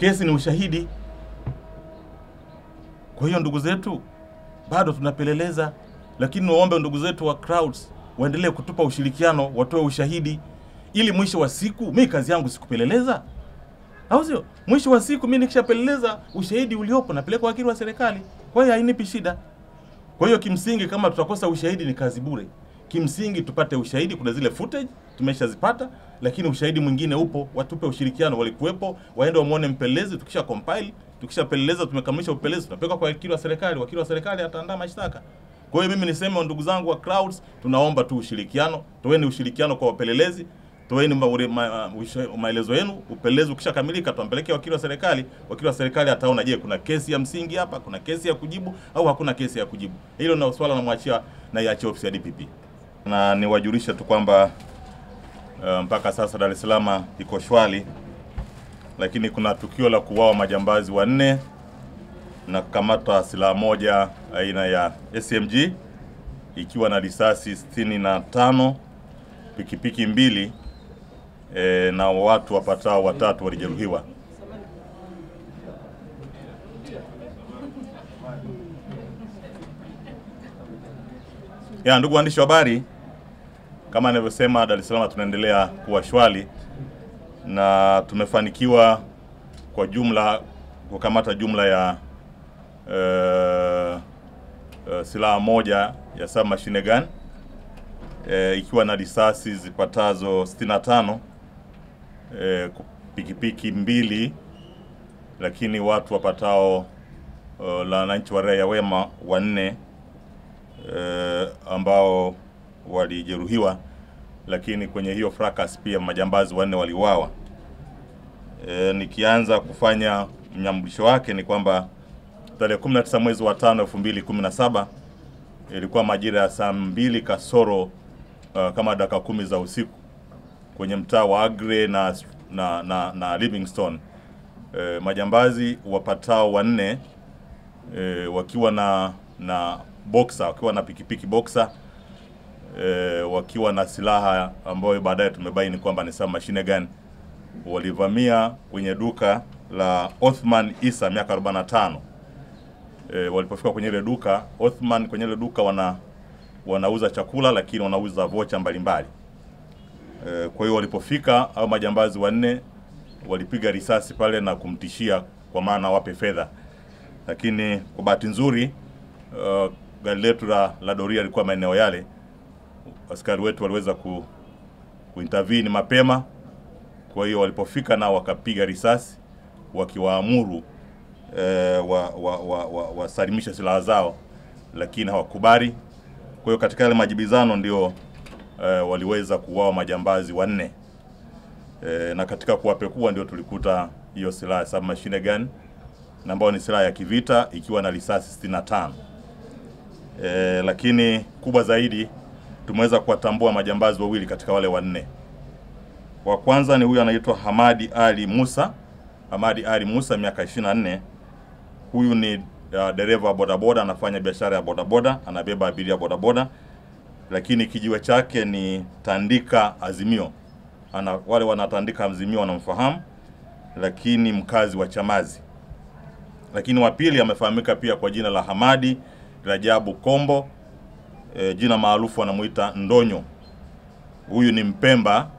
Kesi ni ushahidi. Kwa hiyo ndugu zetu, bado tunapeleleza, lakini niwaombe ndugu zetu wa Clouds waendelee kutupa ushirikiano, watoe ushahidi ili mwisho wa siku, mi kazi yangu sikupeleleza, au sio? Mwisho wa siku mi nikishapeleleza, ushahidi uliopo napeleka wakili wa serikali, kwa hiyo hainipi shida. Kwa hiyo kimsingi, kama tutakosa ushahidi ni kazi bure. Kimsingi tupate ushahidi, kuna zile footage tumeshazipata, lakini ushahidi mwingine upo, watupe ushirikiano, walikuwepo, waende wamwone mpelelezi. Tukisha compile, tukisha peleleza, tumekamilisha upelelezi, tunapeka kwa wakili wa serikali. Wakili wa serikali ataandaa mashtaka. Kwa hiyo mimi niseme, ndugu zangu wa Clouds, tunaomba tu ushirikiano, toeni ushirikiano kwa wapelelezi toeni maelezo yenu. Upelelezi ukishakamilika, tumpelekee wakili wa serikali. Wakili wa serikali ataona, je, kuna kesi ya msingi hapa, kuna kesi ya kujibu au hakuna kesi ya kujibu. Hilo na swala namwachia, naiachia ofisi ya DPP, na niwajulishe tu kwamba Uh, mpaka sasa Dar es Salaam iko shwari, lakini kuna tukio la kuuawa majambazi wanne na kukamatwa silaha moja aina ya SMG ikiwa na risasi sitini na tano pikipiki mbili e, na watu wapatao watatu walijeruhiwa. Ya ndugu waandishi wa habari, kama anavyosema, Dar es Salaam tunaendelea kuwa shwari na tumefanikiwa kwa jumla kukamata jumla ya uh, uh, silaha moja ya machine gun uh, ikiwa na risasi zipatazo 65 uh, pikipiki mbili, lakini watu wapatao uh, la wananchi wa raia wema wanne uh, ambao walijeruhiwa, lakini kwenye hiyo fracas pia majambazi wanne waliuawa. E, nikianza kufanya mnyambulisho wake ni kwamba tarehe 19 mwezi wa 5 2017 ilikuwa majira ya saa mbili kasoro uh, kama dakika kumi za usiku kwenye mtaa wa Agre na, na, na, na Livingstone e, majambazi wapatao wanne e, wakiwa na na boxer wakiwa na pikipiki boxer e, wakiwa na silaha ambayo baadaye tumebaini kwamba ni sama mashine gani walivamia kwenye duka la Othman Isa miaka 45. E, eh, walipofika kwenye ile duka Othman, kwenye ile duka wana wanauza chakula lakini wanauza vocha mbalimbali. E, kwa hiyo walipofika au majambazi wanne walipiga risasi pale na kumtishia kwa maana wape fedha, lakini kwa bahati nzuri uh, gari letu la, la doria lilikuwa maeneo yale askari wetu waliweza ku, kuintervene mapema. Kwa hiyo walipofika nao wakapiga risasi wakiwaamuru eh, wa, wa, wa, wa, wasalimishe silaha zao, lakini hawakubali. Kwa hiyo katika yale majibizano ndio e, waliweza kuuawa majambazi wanne e, na katika kuwapekua ndio tulikuta hiyo silaha submachine gun ambayo ni silaha ya kivita ikiwa na risasi 65 e, eh, lakini kubwa zaidi tumeweza kuwatambua majambazi wawili katika wale wanne. Wa kwanza ni huyu anaitwa Hamadi Ali Musa, Hamadi Ali Musa, miaka 24. Huyu ni uh, dereva wa bodaboda, anafanya biashara ya bodaboda, anabeba abiria bodaboda, lakini kijiwe chake ni Tandika Azimio. Ana, wale wanatandika Azimio wanamfahamu, lakini mkazi wa Chamazi. Lakini wa pili amefahamika pia kwa jina la Hamadi Rajabu Kombo e, jina maarufu anamuita Ndonyo. Huyu ni Mpemba,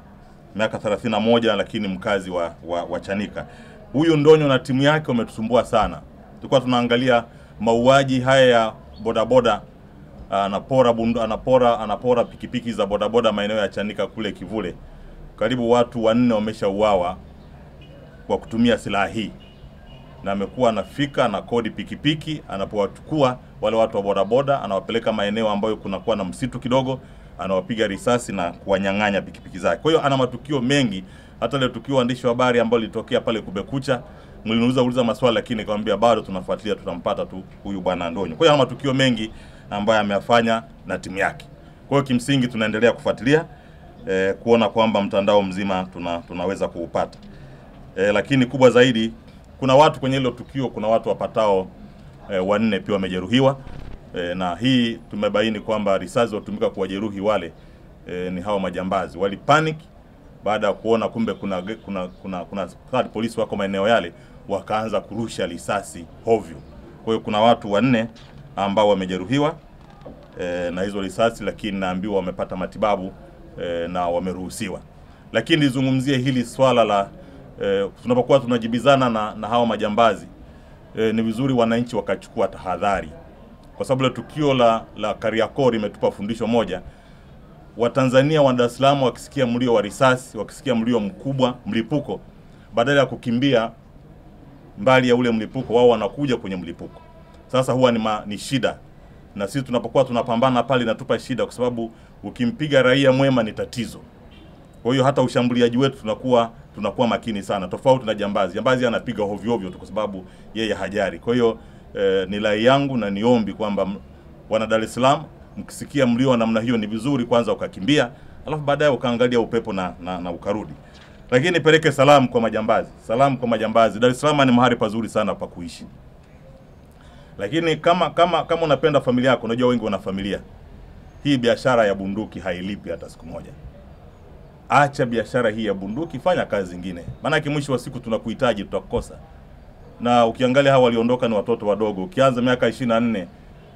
miaka 31, lakini mkazi wa, wa, wa Chanika. Huyu Ndonyo na timu yake wametusumbua sana. Tulikuwa tunaangalia mauaji haya ya bodaboda anapora bundu, anapora anapora pikipiki za bodaboda maeneo ya Chanika kule Kivule. Karibu watu wanne wameshauawa kwa kutumia silaha hii na amekuwa anafika na kodi pikipiki, anapowachukua wale watu wa bodaboda, anawapeleka maeneo ambayo kunakuwa na msitu kidogo, anawapiga risasi na kuwanyang'anya pikipiki zake. Kwa hiyo ana matukio mengi. Hata lile tukio waandishi wa habari ambalo lilitokea pale Kubekucha, mliniuliza uliza maswali, lakini nikamwambia bado tunafuatilia, tutampata tu huyu bwana Ndonyo. Kwa hiyo ana matukio mengi ambayo ameyafanya na timu yake. Kwa hiyo kimsingi tunaendelea kufuatilia eh, kuona kwamba mtandao mzima tuna, tunaweza kuupata eh, lakini kubwa zaidi kuna watu kwenye hilo tukio, kuna watu wapatao e, wanne pia wamejeruhiwa e, na hii tumebaini kwamba risasi zilizotumika kuwajeruhi wale e, ni hawa majambazi panic baada ya kuona kumbe kuna kuna kuna, kuna, kuna polisi wako maeneo yale, wakaanza kurusha risasi hovyo. Kwa hiyo kuna watu wanne ambao wamejeruhiwa e, na hizo risasi, lakini naambiwa wamepata matibabu e, na wameruhusiwa. Lakini nizungumzie hili swala la eh, tunapokuwa tunajibizana na, na hawa majambazi eh, ni vizuri wananchi wakachukua tahadhari, kwa sababu la tukio la, la Kariakoo limetupa fundisho moja. Watanzania wa Dar es Salaam wakisikia mlio wa risasi, wakisikia mlio mkubwa, mlipuko, badala ya kukimbia mbali ya ule mlipuko, wao wanakuja kwenye mlipuko. Sasa huwa ni, ma, ni shida na sisi tunapokuwa tunapambana pale inatupa shida, kwa sababu ukimpiga raia mwema ni tatizo. Kwa hiyo hata ushambuliaji wetu tunakuwa tunakuwa makini sana, tofauti na jambazi. Jambazi anapiga hovyo hovyo tu kwa sababu yeye hajari. Kwa hiyo eh, ni rai yangu na niombi kwamba wana Dar es Salaam, mkisikia mlio wa namna hiyo, ni vizuri kwanza ukakimbia, alafu baadaye ukaangalia upepo na, na, na ukarudi. Lakini nipeleke salamu kwa majambazi, salamu kwa majambazi. Dar es Salaam ni mahali pazuri sana pa kuishi, lakini kama kama kama unapenda familia yako, unajua wengi wana familia hii biashara ya bunduki hailipi hata siku moja acha biashara hii ya bunduki, fanya kazi zingine, maanake mwisho wa siku tunakuhitaji, tutakukosa. Na ukiangalia hawa waliondoka ni watoto wadogo, ukianza miaka 24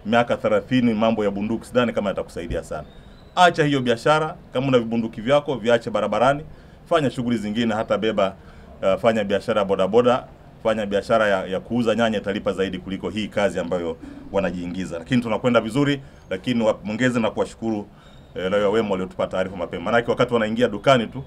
miaka 30, mambo ya bunduki sidhani kama yatakusaidia sana. Acha hiyo biashara, kama una vibunduki vyako viache barabarani, fanya shughuli zingine, hata beba uh, fanya biashara ya bodaboda fanya biashara ya, ya kuuza nyanya italipa zaidi kuliko hii kazi ambayo wanajiingiza, lakini tunakwenda vizuri, lakini wapongeze na kuwashukuru Eh, raia wema waliotupa taarifa mapema. Maanake wakati wanaingia dukani tu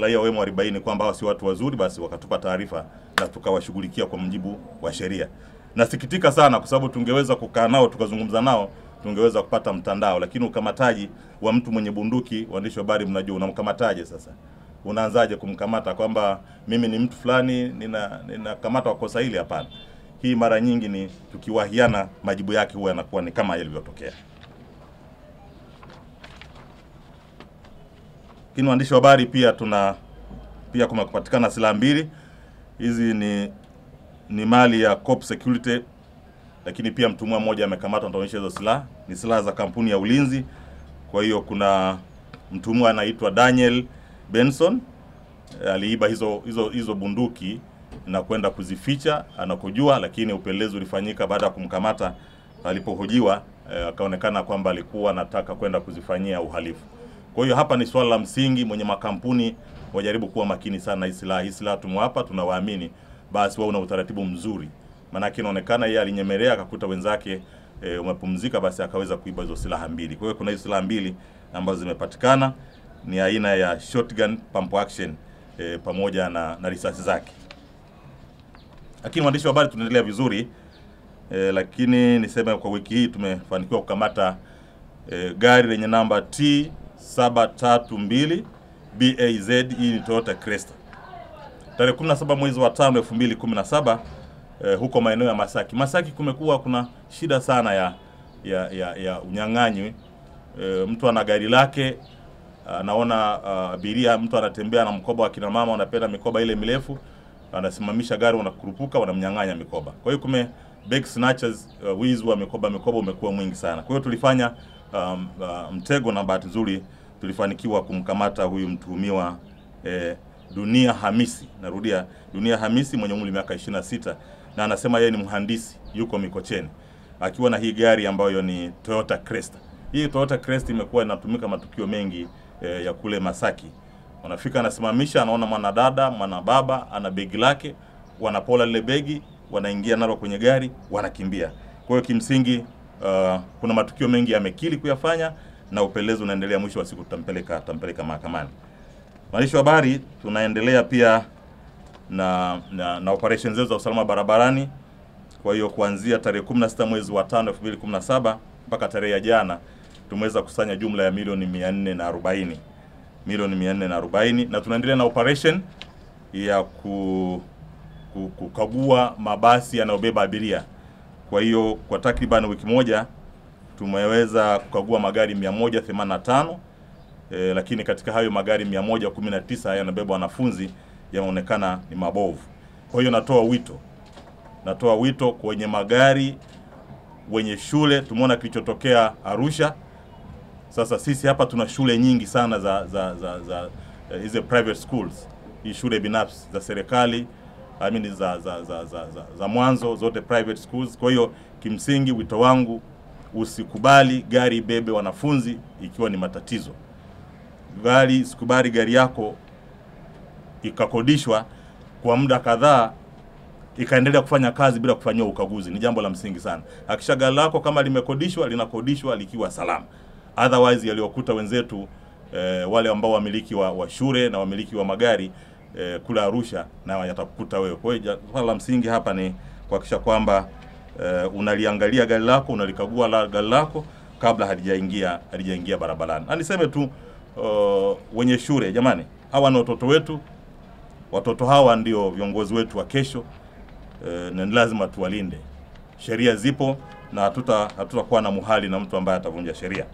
raia wema walibaini kwamba hawa si watu wazuri, basi wakatupa taarifa na tukawashughulikia kwa mujibu wa sheria. Nasikitika sana kwa sababu tungeweza kukaa nao tukazungumza nao tungeweza kupata mtandao, lakini ukamataji wa mtu mwenye bunduki, waandishi wa habari, mnajua unamkamataje sasa unaanzaje kumkamata kwamba mimi ni mtu fulani nina ninakamata kwa kosa hili? Hapana, hii mara nyingi ni tukiwahiana, majibu yake huwa yanakuwa ni kama yalivyotokea. Lakini waandishi wa habari pia tuna pia kumepatikana silaha mbili. Hizi ni ni mali ya Cop Security, lakini pia mtumwa mmoja amekamatwa, nitaonyesha hizo silaha. Ni silaha za kampuni ya ulinzi. Kwa hiyo kuna mtumwa anaitwa Daniel Benson eh, aliiba hizo hizo hizo bunduki na kwenda kuzificha anakojua, lakini upelelezi ulifanyika baada ya kumkamata alipohojiwa, eh, akaonekana kwamba alikuwa anataka kwenda kuzifanyia uhalifu. Kwa hiyo hapa ni swala la msingi, mwenye makampuni wajaribu kuwa makini sana silaha. Hii silaha tumewapa, tunawaamini, basi wao una utaratibu mzuri, maanake inaonekana yeye alinyemelea akakuta wenzake e, eh, umepumzika, basi akaweza kuiba hizo silaha mbili. Kwa hiyo kuna hizo silaha mbili ambazo zimepatikana ni aina ya shotgun pump action e, pamoja na, na risasi zake. Lakini mwandishi wa habari, tunaendelea vizuri e, lakini niseme kwa wiki hii tumefanikiwa kukamata e, gari lenye namba T 732 BAZ. Hii ni Toyota Cresta tarehe 17 mwezi wa 5 2017, eh, huko maeneo ya Masaki. Masaki kumekuwa kuna shida sana ya ya, ya, ya unyang'anyi eh, mtu ana gari lake anaona ah, abiria mtu anatembea na mkoba wa kina mama, wanapenda mikoba ile mirefu, anasimamisha gari, wanakurupuka, wanamnyang'anya mikoba. Kwa hiyo kume bag snatchers, uh, wizi wa mikoba mikoba umekuwa mwingi sana. Kwa hiyo tulifanya um, uh, mtego, na bahati nzuri tulifanikiwa kumkamata huyu mtuhumiwa eh, Dunia Hamisi, narudia, Dunia Hamisi mwenye umri miaka 26 na anasema yeye ni mhandisi, yuko Mikocheni akiwa na hii gari ambayo ni Toyota Cresta. Hii Toyota Crest imekuwa inatumika matukio mengi eh, ya kule Masaki. Wanafika anasimamisha, anaona mwanadada, mwanababa ana begi lake, wanapola lile begi, wanaingia nalo kwenye gari, wanakimbia. Kwa hiyo kimsingi uh, kuna matukio mengi yamekili kuyafanya na upelelezi unaendelea. Mwisho wa siku tutampeleka tutampeleka mahakamani. Waandishi wa habari, tunaendelea pia na, na, na operation zetu za usalama barabarani. Kwa hiyo kuanzia tarehe 16 mwezi wa 5 2017 mpaka tarehe ya jana tumeweza kusanya jumla ya milioni 440 milioni 440 na, na tunaendelea na operation ya ku, ku, kukagua mabasi yanayobeba abiria kwa hiyo kwa takriban wiki moja tumeweza kukagua magari 185 e, eh, lakini katika hayo magari 119 yanabeba wanafunzi yanaonekana ni mabovu. Kwa hiyo natoa wito, natoa wito kwenye magari wenye shule. Tumeona kilichotokea Arusha. Sasa sisi hapa tuna shule nyingi sana za za za, za, za eh, hizi private schools, hii shule binafsi za serikali I mean, za, za, za, za, za, za mwanzo zote private schools. Kwa hiyo kimsingi wito wangu usikubali gari bebe wanafunzi ikiwa ni matatizo. Gari, sikubali gari yako ikakodishwa kwa muda kadhaa ikaendelea kufanya kazi bila kufanyiwa ukaguzi, ni jambo la msingi sana. Hakisha gari lako kama limekodishwa, linakodishwa likiwa salama, otherwise yaliyokuta wenzetu eh, wale ambao wamiliki wa, wa shule na wamiliki wa magari eh, kula Arusha na yatakukuta wewe. Kwa hiyo swala la msingi hapa ni kuhakikisha kwamba eh, unaliangalia gari lako, unalikagua la gari lako kabla halijaingia halijaingia barabarani. Na niseme tu uh, wenye shule jamani, hawa ni watoto wetu. Watoto hawa ndio viongozi wetu wa kesho. Eh, na lazima tuwalinde. Sheria zipo na hatuta hatutakuwa na muhali na mtu ambaye atavunja sheria.